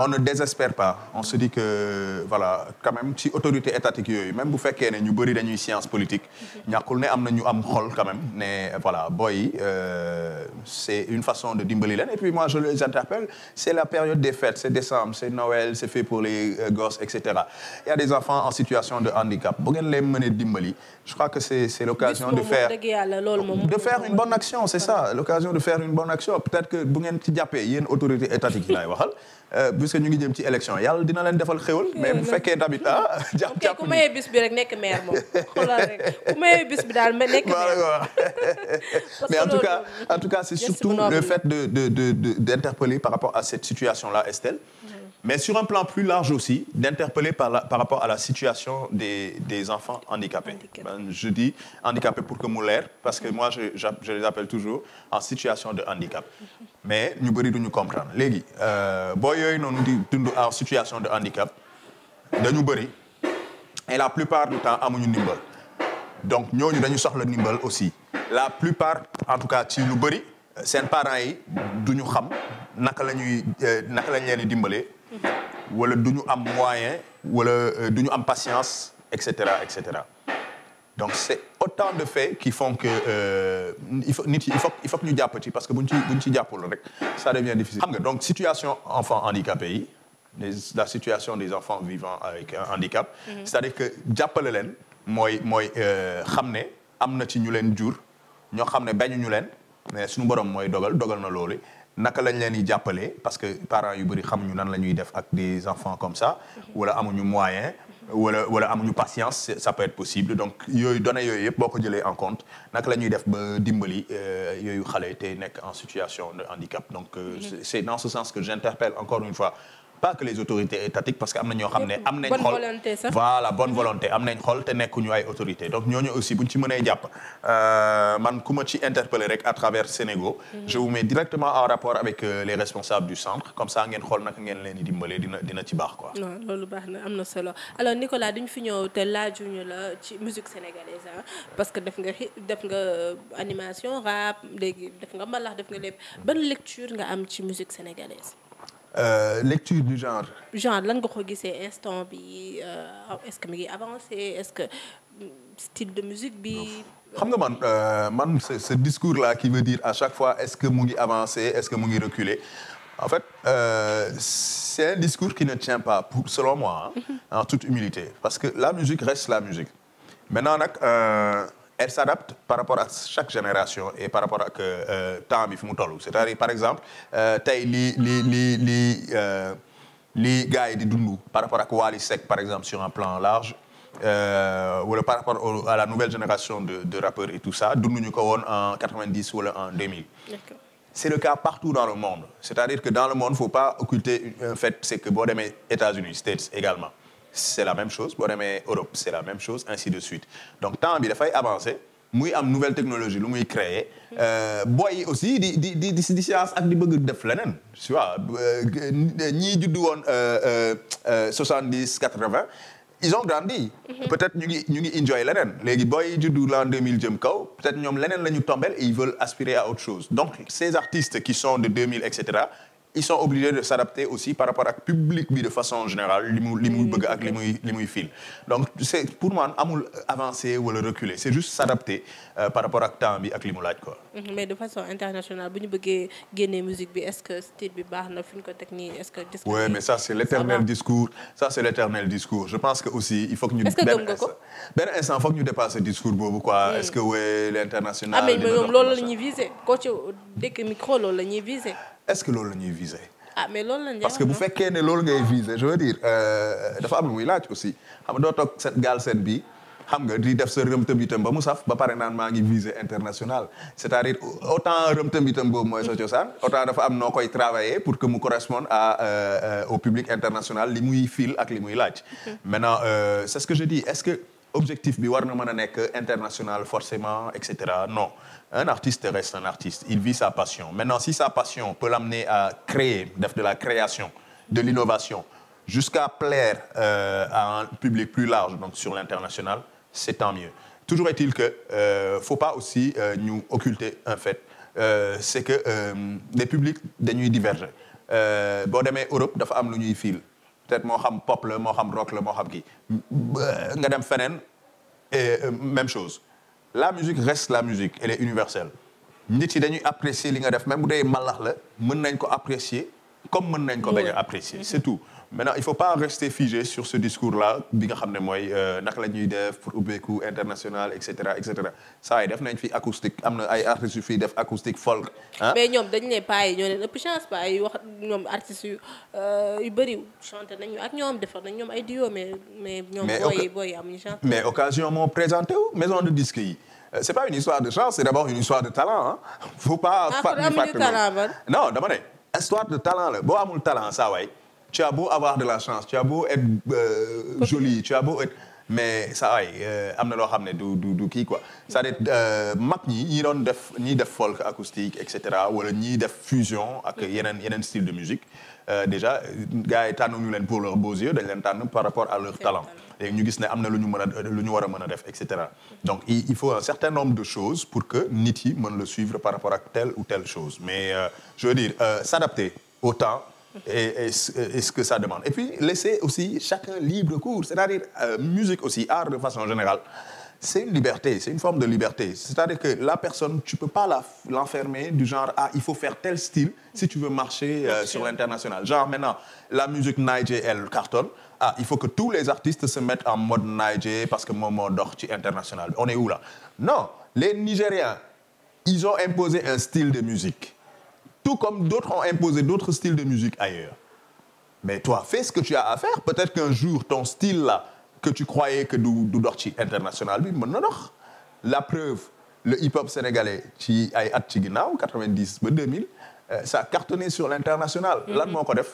on ne désespère pas on se dit que voilà quand même ci autorité étatique yooyu même bu fekkee ne ñu bëri dañuy science politique ñàkkul ne am na ñu am xol quand même ne voilà booy euh, c'est une façon de dimbali leen et puis moi je les interpelle c'est la période des fêtes c'est décembre c'est Noël c'est fait pour les euh, gosses et cetera de handicap bu ngeen leen mën a dimbali je crois que c'est c'est l'occasion de faire de faire une bonne action c'est ça l'occasion de faire une bonne action peut-être que bu ngeen ci jàppee yéen autorité étatique laay waxal Euh, puisque ñu ngi jëm ci élection yàlla dina leen defal xéwal. mais bu fekkee tamit ah. jàpp jàpp ku mayee bis bi rek nekk maire moom xoolal rek ku mayee bis bi daal nekk maire. mais en tout cas en tout cas c'est surtout le fait de de de d'interpeller par rapport à cette situation là Estelle. mais sur un plan plus large aussi, d'interpeller par, par, rapport à la situation des, des enfants handicapés. handicapés. Ben, je dis handicapés pour que nous l'air, parce que moi, je, je, je, les appelle toujours en situation de handicap. Mais nous devons nous comprendre. Les euh, boys, nous sommes en situation de handicap. Nous sommes Et la plupart du temps, nous sommes Donc, nous sommes le nimble aussi. La plupart, en tout cas, nous sommes seen parent yi du ñu xam naka la ñuy euh, naka la ñu leen di wala du ñu am moyen wala euh, du ñu am patience et cetera et cetera donc c'est autant de faits qui font que euh, il faut nit yi il faut il faut ñu jàpp ci parce que bu ñu ci bu ñu ci jàppul rek ça devient difficile. xam nga donc situation enfants handicapés yi les situation des enfants vivant avec un handicap. Mm c'est-à-dire que jàppale leen mooy mooy euh, xam ne am na ci ñu leen jur ñoo xam ne bañu ñu leen mais suñu borom mooy dogal dogal na loole naka lañ leen di jàppale parce que parent yu bëri xamuñu nan la ñuy def ak des enfants comme ça wala amuñu moyen wala wala amuñu patience ça peut être possible donc yooyu données yooyu yëpp boo ko jëlee en compte naka la ñuy def ba dimbali euh, yooyu xale te nekk en situation de handicap donc euh, c'est dans ce sens que j'interpelle encore une fois pas que les autorités étatiques parce que am na ñoo xam ne am nañ xol voilà bonne volonté am nañ xol te nekkuñu ay autorité donc ñooñu aussi buñ ci mënee jàpp euh, man ku ma ci interpeller rek à travers Sénégal mhm. je vous mets directement en rapport avec euh, les responsables du centre comme ça ngeen xool naka ngeen leen di dimbalee dina ci baax quoi loolu baax na am na solo alors Nicolas duñ fi ñëw te laajuñu la ci musique sénégalaise parce que def nga def nga euh, animation rap léegi def nga mbalax def nga lépp ban lecture nga am ci musique sénégalaise Euh, lecture du genre. genre lan nga ko gisee instant bi euh, est-ce que mi ngi avancé est-ce que mm, style de musique bi. xam nga man euh, man ce discours là qui veut dire à chaque fois est-ce que mu ngi avancé est-ce que mu ngi reculé. En fait, euh, c'est un discours qui ne tient pas, pour, selon moi, mhm. en toute humilité. Parce que la musique reste la musique. Maintenant, euh, elle s'adapte par rapport ak chaque génération et par rapport ak euh, temps bi fi mu toll c'est-à-dire par exemple euh, tey li li li li euh, li gars yi di dund par rapport ak Wally Seck par exemple sur un plan large wala par rapport à la nouvelle génération de de rappeurs et tout ça dunduñu ko woon en 90 wala en 2000. D'accord. C'est le cas partout dans le monde c'est-à-dire que dans le monde faut pas occulter un fait c'est que boo demee États-Unis States également. c'est la même chose boo demee Europe c'est la même chose ainsi de suite donc temps bi dafay avancer muy am nouvelle technologie lu muy créer euh, boy aussi di di di di science ak di bëgg def leneen tu vois euh, ñii juddu woon euh, soixante-dix quatre-vingt ils ont grandi mhm. peut-être ñu ngi ñu ngi enjoy leneen léegi booy juddu la 2000 jëm kaw peut-être ñoom leneen la ñu tombel et ils veulent aspirer à autre chose donc ces artistes qui sont de 2000 et cetera ils sont obligés de s'adapter aussi par rapport ak public bi de façon générale li mu li muy bëgg ak li muy li muy fil donc c'est pour man amul avancer wala reculer c'est juste s'adapter euh, par rapport ak temps bi ak li mu laaj quoi. Mhm, mais de façon internationale bu ñu bëggee génne musique bi est-ce que style bi baax na fi ñu ko teg nii est-ce que. oui mais ça c'est l'éternel discours ça c'est l'éternel discours je pense que aussi il faut que ñu. est-ce que gëm nga ko benn instant faut que ñu dépasser discours boobu quoi. est-ce que oui l'international. ah mais ñoom loolu la ñuy viser koo ci dégg micro loolu la ñuy viser. est-ce que loolu na ñuy viser. Ah, parce que bu fekkee ne loolu ngay viser je veux dire euh, dafa am lu muy laaj aussi xam nga doo set gaal set bi xam nga di def sa rëmtëm itam ba mu saf ba pare naan maa ngi viser international c'est-à-dire autant rëmtëm itam boobu mooy sa cosaan autant dafa am noo koy travailler pour que mu corresponde à euh, euh, au public international li muy fil ak li muy laaj. maintenant c'est ce que je est-ce que. objectif bi war na mën a nekk international forcément et cetera non un artiste reste un artiste il vit sa passion maintenant si sa passion peut l'amener à créer def de la création de l'innovation jusqu'à plaire euh, à un public plus large donc sur l'international c'est tant mieux toujours est-il que euh, faut pas aussi euh, ñu occulter un fait euh, c'est que euh, des publics dañuy diverger euh, boo demee Europe dafa am lu ñuy fiil peut moo xam pop moo xam rock la moo xam kii nga dem feneen e même chose la musique reste la musique elle est universelle nit yi dañuy apprécier li nga def même bu dee malax la mën nañ ko apprécier comme mën nañ ko bañ a apprécier c'est tout maintenant il faut pas rester figé sur ce discours là bi nga xam ne mooy euh, naka la ñuy def pour ubbeeku international et cetera et cetera saa yi def nañ fi acoustique am na ay artistes yu fii def acoustique folk ah. mais ñoom dañ ne paa yi ñoo wax ñoom artistes yu euh, yu bëri chanté nañu ak ñoom defar nañ ñoom ay duo mais mais ñoom booy booy amuñu mais occasion moo présenté wu maison de disque yi. Euh, c'est pas une histoire de chance c'est d'abord une histoire de talent ah. pas. ah kon talent dama ne histoire boo amul talent saa waay. tu bo beau de la chance tu as beau être euh, joli tu as beau mais ça euh, am na loo xam ne du du du kii quoi c'est-à-dire euh, mag ñi ñi doon def ñi def folk acoustique et cetera wala ñi def fusion ak yeneen yeneen style de musique euh, déjà gars yi tànnuñu leen pour leurs beaux yeux dañ leen tànn par rapport à leur talent léegi ñu gis ne am na lu ñu mën a lu ñu war a mën a def et cetera donc il faut un certain nombre de choses pour que nit yi mën le suivre par rapport à telle ou telle chose mais euh, je veux dire s'adapter au temps et, et, et ce que ça demande. Et puis, laisser aussi chacun libre cours, c'est-à-dire euh, musique aussi, art de façon générale. C'est une liberté, c'est une forme de liberté. C'est-à-dire que la personne, tu ne peux pas l'enfermer du genre, ah, il faut faire tel style si tu veux marcher euh, sur l'international. Genre maintenant, la musique Niger, elle cartonne. Ah, il faut que tous les artistes se mettent en mode Niger parce que Momo Dorti international. On est où là Non, les Nigériens, ils ont imposé un style de musique Tout comme d'autres ont imposé d'autres styles de musique ailleurs. Mais toi, fais ce que tu as à faire. Peut-être qu'un jour, ton style là, que tu croyais que du du dox ci international bi mën na dox. La preuve, le hip-hop sénégalais ci ay at ci ginnaaw 90 ba 2000 euh, ça a cartonné sur l'international. Mhm. lan moo ko def.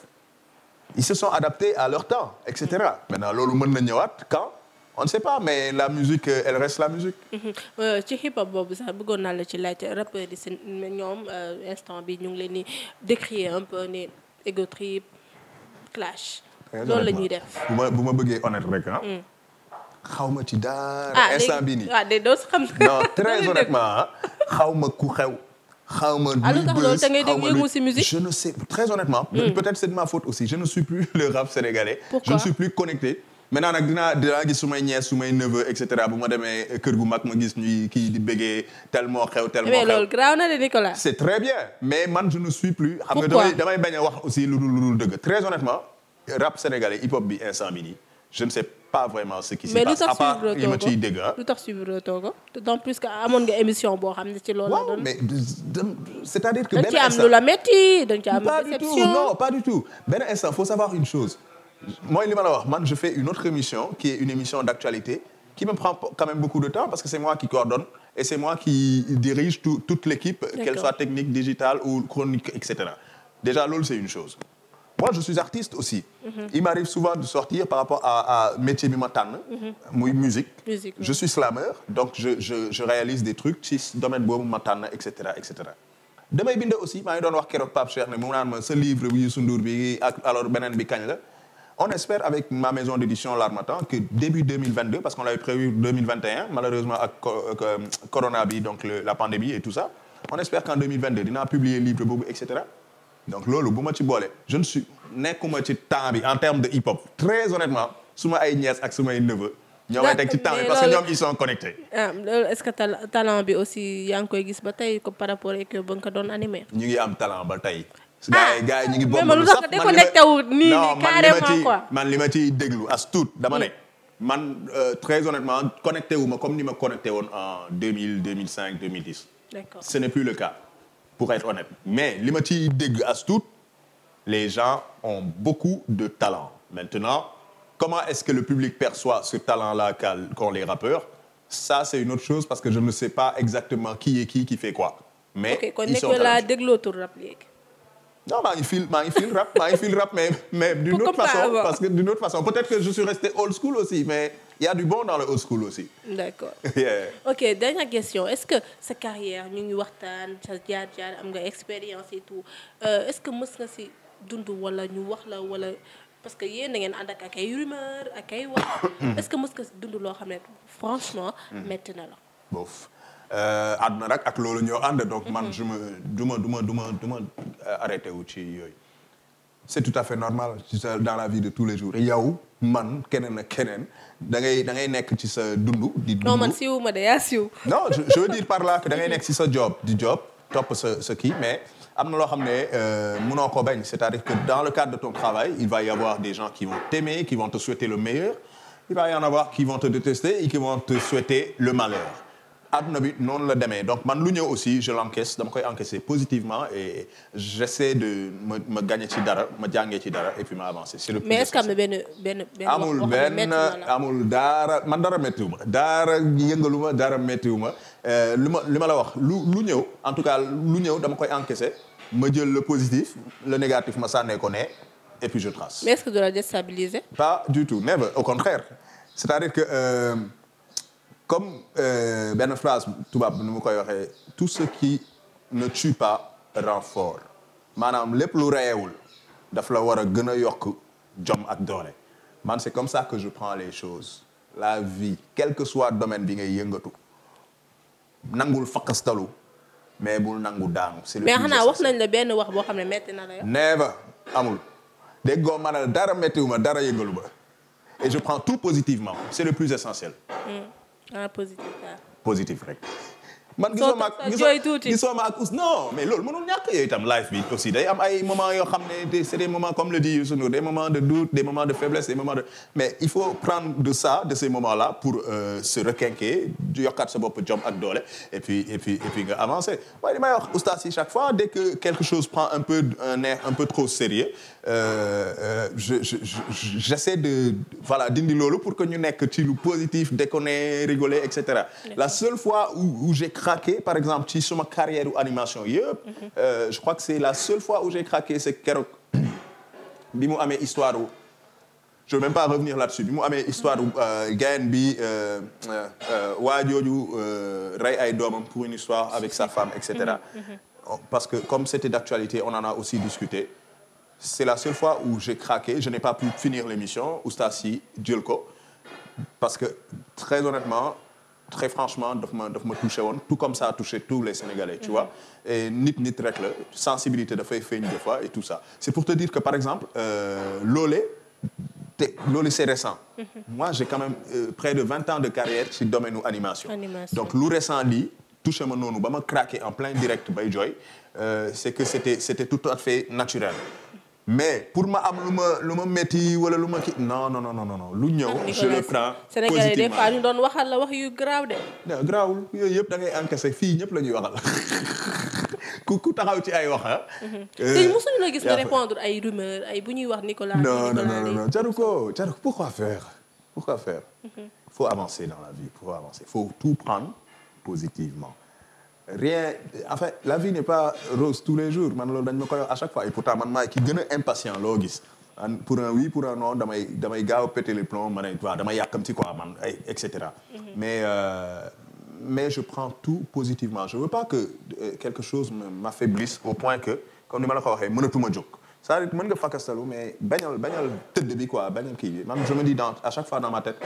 ils se sont adaptés à leur temps et cetera. maintenant loolu mën na ñëwaat quand. on ne sait pas mais la musique euh, elle reste la musique. Euh, ci hip hop boobu sax bëggoon naa la ci laajte rappeurs yi si ñoom euh, instant bi ñu ngi leen di décrier un peu ne ego clash. loolu la ñuy def bu ma bu ma bëggee honnête rek ah. Mm. xaw ma ci dara. Ah, instant bi ni ah doo xam. non très honnêtement ah, xaw ma ku xew. xaw ma ah, luy bës xaw ma luy je ne sais très honnêtement. Mm. peut-être c'est ma faute aussi je ne suis plus le rap sénégalais. je ne suis plus connecté. maintenant nag dinaa dinaa gis su may su may neveu et cetera bu ma demee kër gu mag ma gis ñuy kii di bëggee tel moo xew tel moo eh xew mais loolu graaw na de Nicolas. c'est très bien mais man je ne suis plus. xam nga damay damay bañ a wax aussi lu dul lu dëgg. très honnêtement rap sénégalais hip hop bi instant bi nii je ne sais pas vraiment ce qui se passe à part ma ciy dégg lu tax suivre toogo d'autant plus que amoon nga émission boo xam ne ci loolu la doon mais c'est-à-dire que ci am lu la métti dañ ci am déception pas du pas mooy li ma la wax man je fais une autre émission qui est une émission d'actualité qui me prend quand même beaucoup de temps parce que c'est moi qui coordonne et c'est moi qui dirige tout, toute l'équipe qu'elle soit technique digitale ou chronique etc déjà loolu c'est une chose moi je suis artiste aussi mm -hmm. il m'arrive souvent de sortir par rapport à, métier bi ma tànn mhm. muy musique musique je donc je je je réalise des trucs ci domaine boobu ma tànn etc etc damay aussi maa ngi doon wax keroog Pape Cheikh ne mu naan ma sa livre bi Youssou beneen bi kañ la On espère avec ma maison d'édition L'Harmattan que début 2022, parce qu'on l'avait prévu malheureusement euh, euh, ak donc la pandémie et tout ça on espère qu'en 2022 dinaa publier livre boobu et cetera donc loolu bu ma ci boole je ne suis nekkuma ci temps bi en termes de hip hop très honnêtement su ma ay nièces ak su may neveux. ñoo may teg ci temps bi parce que ñoom ils sont connectés. ah loolu est-ce que talent bi aussi yaa ngi koy gis ba tey par rapport ak ba nga ko ñu ngi am talent ba tey. ah gars yi ñu ngi bokk lu sax man li ma man li ma ciy déglu as tuut dama ne. Mm. man euh, très honnêtement connecté wu ma comme ni ma connecté woon en deux mille deux mille cinq deux mille dix. d'accord ce n'est plus le cas pour être honnête. mais li ma ciy dégg as tuut les gens ont beaucoup de talent maintenant comment est-ce que le public perçoit ce talent-là qu'ont les rappeurs ça c'est une autre chose parce que je ne sais pas exactement qui est qui qui fait quoi. mais okay, ils sont la dégloo tur rap léegi non maa ngi fil maa ngi fil rap maa ngi fil rap mais mais d'une façon que d'une autre façon peut-être que je suis resté old school aussi mais il a du bon dans le old school aussi. d'accord yeah. ok question est-ce que sa carrière ñu ngi waxtaan sa jaar jaar am nga expérience et tout euh, est-ce que mës nga si dund wala ñu wax la wala parce que yéen da ngeen ànd ak ak ay rumeur ak wax. est-ce que mës nga ci dund loo xam ne franchement mm. metti na la. bof. Euh, àdduna rek ak loolu ñoo ànd donc man mm-hmm. je me du ma du ma du euh, wu ci yooyu c'est tout à fait normal dans la vie de tous les jours yow man keneen ak keneen da ngay da ngay nekk ci sa dund di dund non man siiw ma de yaa siiw non je veux dire par la que da ngay nekk ci sa job di job top sa sa kii mais am na loo xam ne euh, mënoo ko bañ c'est-à-dire que dans le cadre de ton travail il va y avoir des gens qui vont t'aimer qui vont te souhaiter le meilleur il va y en avoir qui vont te détester et qui vont te souhaiter le malheur àdduna bi noonu la demee donc man lu ñëw aussi je l'encaisse dama koy encaisser positivement et j'essaie ma ma gagner ci dara ma jàngee ci dara et puis ma le mais est-ce que am na benn benn amul benn amul daara man dara méttiwuma daara yëngaluma dara méttiwuma euh, lu ma li ma la wax lu lu ñëw en tout cas lu ñëw dama koy encaisser ma jël le positif le négatif ma sànnee ne et puis je trace. pas du tout never au contraire c'est-à-dire que. Euh, comme euh, benn phrase tubaab bi nu mu koy waxee tout ce qui ne tue pas rend maanaam lépp lu reyewul daf la war a gën a yokk jom ak doole man c'est comme ça que je prends les choses la vie quel que soit domaine bi ngay yëngatu nangul fakkastalu mais bul nangu daanu. c'est le mais xanaa wax nañ la benn wax boo xam ne metti na la yow. never amul déggoo ma ne dara méttiwu ma dara yëngalu ba et je prends tout positivement c'est le plus essentiel. Mm. ah positif waaw. Ah. positif rek. man gisoo ma ak gisoo ma ak loolu mënul ñàkk yooyu itam life bi aussi day am ay moments yoo xam ne c'est des moments comme le dit Youssou Ndour des moments de moment des moments de faiblesse des mais il faut prendre de ces moments là pour euh, se requinquer yokkaat bopp jom ak doole et puis et nga avancer waaye li may chaque fois dès que quelque chose prend un peu trop sérieux Euh, euh, je je j'essaie de voilà dindi loolu pour que ñu nekk ci lu positif déconner rigoler et cetera. la seule fois où où j'ai craqué par exemple ci suma carrière ou animation yëpp. Mhm. Euh, je crois que c'est la seule fois où j'ai craqué c'est keroog bi mu amee histoire où. je veux même pas revenir là-dessus bi mu amee histoire gayen bi waa jooju rey ay doomam pour une histoire avec sa femme et cetera mhm. Mhm. Oh, parce que comme c'était d'actualité on en a aussi discuté c'est la seule fois où j'ai craqué. Je n'ai pas pu finir l'émission. Oustasi jël ko parce que très honnêtement très franchement daf ma daf ma touché woon tout comme ça a touché tous les Sénégalais. tu mhm. vois et nit nit rek la sensibilité dafay feeñ des fois et tout ça. c'est pour te dire que par exemple euh, Lolé te loolu c'est récent. Mhm. moi j'ai quand même euh, près de vingt ans de carrière ci domaine animation. animation. donc lu récent lii touché ma noonu ba ma craqué en plein direct bay jooy euh, c'est que c'était c'était tout à fait naturel. mais pour ma am lu ma lu ma metti wala lu ma kii non non non lu ñëw. je le prends positivement Sénégalais ñu doon waxal la wax yu garaaw de. non yooyu yëpp dangay ngay fii ñëpp la ñuy waxal ku ku taxaw ci ay wax ah. Mm-hmm. tey mosuñu la gis nga répondre ay rumeur ay bu ñuy wax Nicolas. non non non non jaru ko jaru ko pourquoi faire pourquoi faire. Mm-hmm. faut avancer dans la vie faut avancer faut tout prendre positivement. rien en fait la vie n'est pas rose tous les jours man loolu dañ ma koy wax à chaque fois et pourtant man maay ki gën a impatient loo gis pour un oui pour un non damay damay gaaw a péter les plombs ma ne waaw damay yàkkamti quoi man ay et cetera. Mm-hmm. mais euh, mais je prends tout positivement je veux pas que euh, quelque chose m'affaiblisse au point que comme ni ma la ko waxee mënatuma jóg. c'est-à-dire mën nga fakastalu mais bañal bañal tëdd bi quoi bañal kii bi man je me dis dans chaque fois dans ma tête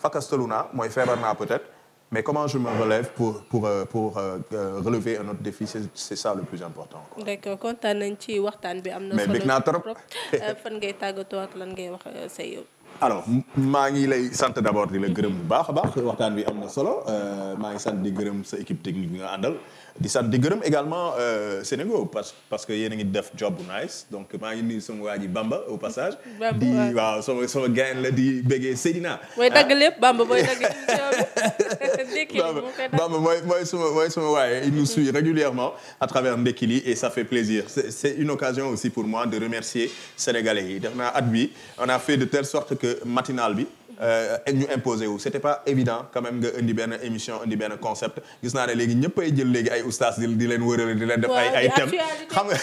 fakastalu naa mooy feebar naa peut-être. mais comment je me relève pour pour euh, pour euh, euh, relever un autre défi c'est ça le plus important. quoi d'accord kontaan nañ ci waxtaan bi am na. mais bëgg naa trop fan ngay tàggatoo ak lan ngay wax say alors maa ngi lay sant d'abord di la gërëm bu baax a baax waxtaan bi am na solo maa ngi sant di gërëm sa équipe technique bi nga àndal. di sa di gërëm également euh, Sénégal parce parce que yéen a ngi def job nice donc maa ngi nii sama waa ji Bamba au passage. di waaw sama sama gain la di béggee Seydina. mooy dagg ah. lépp Bamba mooy dagg waaye il nous suit régulièrement à travers Ndekili et ça fait plaisir c'est c'est une occasion aussi pour moi de remercier sénégalais yi def naa at bi on a fait de telle sorte que matinale bi. Euh, ñu imposé wu c'était pas évident quand même nga indi benn émission indi benn concept gis naa ne léegi ñëpp ay jël léegi ay oustaz di leen wërale di leen def ay ay thèmes xam nga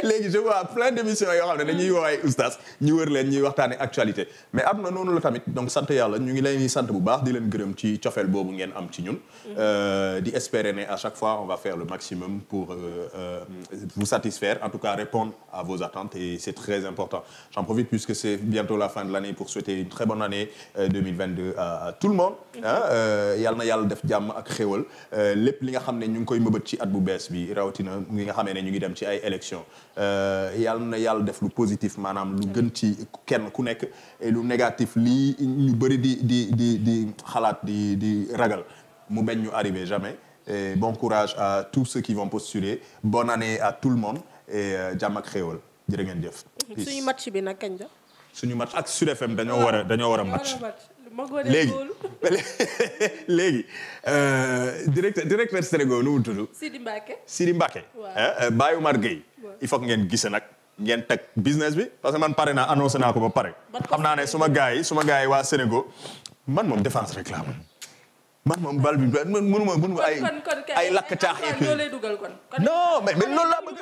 léegi je vois plein d'émissions yoo xam ne dañuy woo ay oustaz ñu wër leen ñuy waxtaane actualité mais am na noonu la tamit donc sant yàlla ñu ngi leen sant bu baax di leen gërëm ci cofeel boobu ngeen am ci ñun euh, di espérer ne à chaque fois on va faire le maximum pour euh, vous satisfaire en tout cas répondre à vos attentes la fin de l'année pour souhaiter très bonne année 2022 euh, tout le monde euh, yal na yàlla def jàmm ak xéwal euh, lép li nga xam ne ñu ngi koy mëbët ci at bu bees bi rawatina ngi nga xamee ne ñu ngi dem ci ay élections yal na yàlla def lu positif maanaam lu gën ci kenn ku nekk lu négatif lii lu bëri di di di di xalaat di di ragal mu bañ ñu arrivé jamais et bon courage à tous ceux qui vont postuler bonne année à tout le monde e jàmm ak xéwal jërë ngeen jëf. suñu match bi nag kañ la suñu mat ak Sud FM dañoo war a dañoo war a match léegi léegi directeur directeur Sénégal nu mu tudd. Sidi Mbacke Sidi Mbacke. waaw eh, euh, Baye Oumar Gueye. il faut ngeen gise nag ngeen teg business bi parce que man pare naa annoncé naa ko ba pare. xam naa ne suma gars yi suma gars yi waa Sénégal man moom défense rek laa man moom bal bi man mënuma mënuma ay ay lakk caax yi non mais mais loolu laa bëgg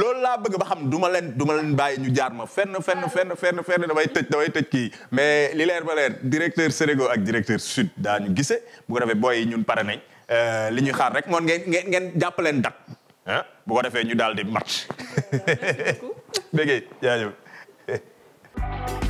loolu laa bëgg ba xam du ma leen du ma bàyyi ñu jaar ma fenn fenn ah. fenn fenn fenn damay tëj damay tëj kii mais li leer ba leer directeur Sénégal ak directeur sud daa ñu gise bu ko defee booy yi ñun pare nañ euh, li ñuy xaar rek moon ngeen ngeen ngeen jàpp leen dat ah bu defee ñu daal di match dégg jaajëf